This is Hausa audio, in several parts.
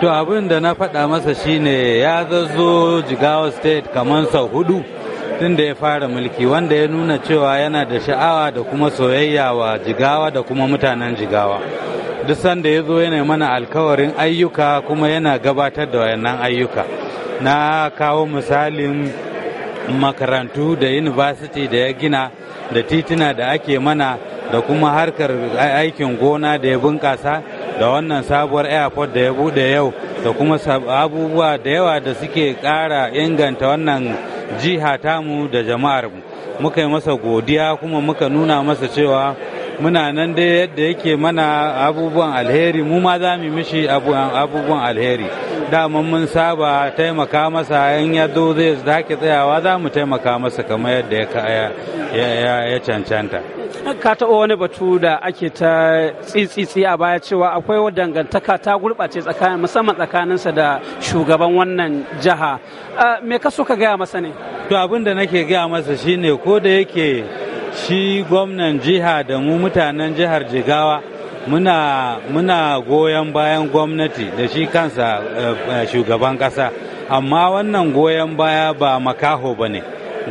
to abin da na faɗa masa shine ya zazzo jigawa state kamar sau hudu tun da ya fara mulki wanda ya nuna cewa yana da sha'awa da kuma soyayya wa jigawa da kuma mutanen jigawa duk sanda ya zo yana mana alkawarin ayyuka kuma yana gabatar da wayannan ayyuka na kawo misalin makarantu da university da ya gina da titina da ake mana da kuma harkar aikin gona da ya bunƙasa da wannan sabuwar airport da ya bude yau da kuma abubuwa da yawa da suke ƙara inganta wannan jiha tamu da jama'ar mu muka yi masa godiya kuma muka nuna masa cewa muna nan dai yadda yake mana abubuwan alheri mu ma za mu mishi abubuwan alheri daman mun saba taimaka masa in ya zo zai dake tsayawa za mu taimaka masa kamar yadda ya cancanta ka taɓa wani batu da ake ta tsitsitsi a baya cewa akwai dangantaka ta gurɓace tsakanin musamman tsakaninsa da shugaban wannan jiha me ka so ka gaya masa ne to abin da nake gaya masa shine ko da yake shi gwamnan jiha da mu mutanen jihar jigawa muna muna goyon bayan gwamnati da shi kansa eh, eh, shugaban kasa amma wannan goyon baya ba makaho ba ne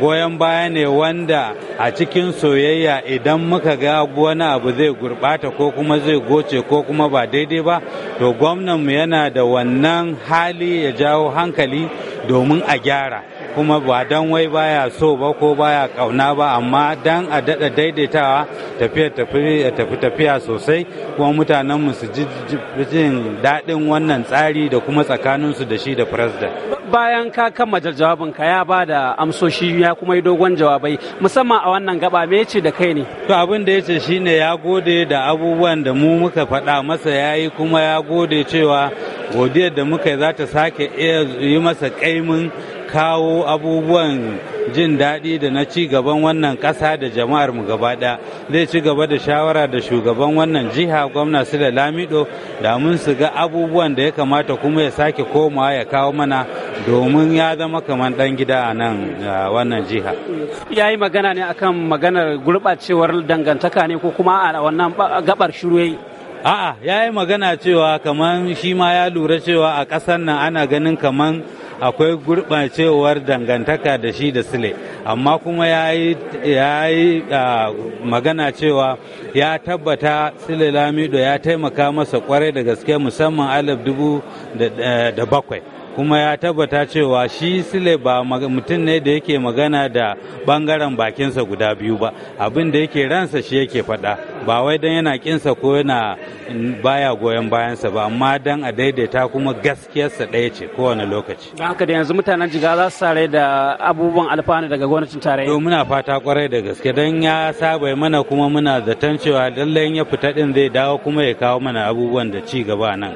goyon baya ne wanda a cikin soyayya idan muka ga wani abu zai gurɓata ko kuma zai goce ko kuma ba daidai ba to gwamnanmu yana da wannan hali ya jawo hankali domin a gyara kuma ba dan wai baya so ba ko baya kauna ba amma dan a daɗa daidaitawa tafiya tafi tafiya sosai kuma mutanen mu su jin daɗin wannan tsari da kuma tsakanin su da shi da firasda bayan ka kammala jawabinka ya ba da amsoshi ya kuma yi dogon jawabai musamman a wannan gaba me ce da kai ne to abin da ya ce shine ya gode da abubuwan da mu muka faɗa masa ya yi kuma ya gode cewa godiyar da muka yi za ta sake yi masa kaimin kawo abubuwan jin daɗi da na ci gaban wannan ƙasa da jama'ar mu gaba ɗaya zai ci gaba da shawara da shugaban wannan jiha gwamna su da lamido da mun su ga abubuwan da ya kamata kuma ya sake komawa ya kawo mana domin ya zama kamar ɗan gida a nan wannan jiha ya yi magana ne akan maganar gurɓacewar dangantaka ne ko kuma a wannan gabar shiru a'a ya yi magana cewa kamar shi ma ya lura cewa a ƙasar nan ana ganin kamar akwai gurɓacewar dangantaka da shi da sile amma kuma ya yi magana cewa ya tabbata sile lamido ya taimaka masa kwarai da gaske musamman alif dubu e, da bakwai kuma ya tabbata cewa shi sile ba mutum ne da yake magana da bangaren bakinsa guda biyu ba abin da yake ransa shi yake faɗa ba wai don yana kinsa ko yana baya goyon bayansa ba amma don a daidaita kuma gaskiyarsa ɗaya ce kowane lokaci don haka da yanzu mutanen jiga za su sare da abubuwan alfanu daga gwamnatin tarayya to muna fata kwarai da gaske don ya saba mana kuma muna zaton cewa lallai ya fita din zai dawo kuma ya kawo mana abubuwan da ci gaba nan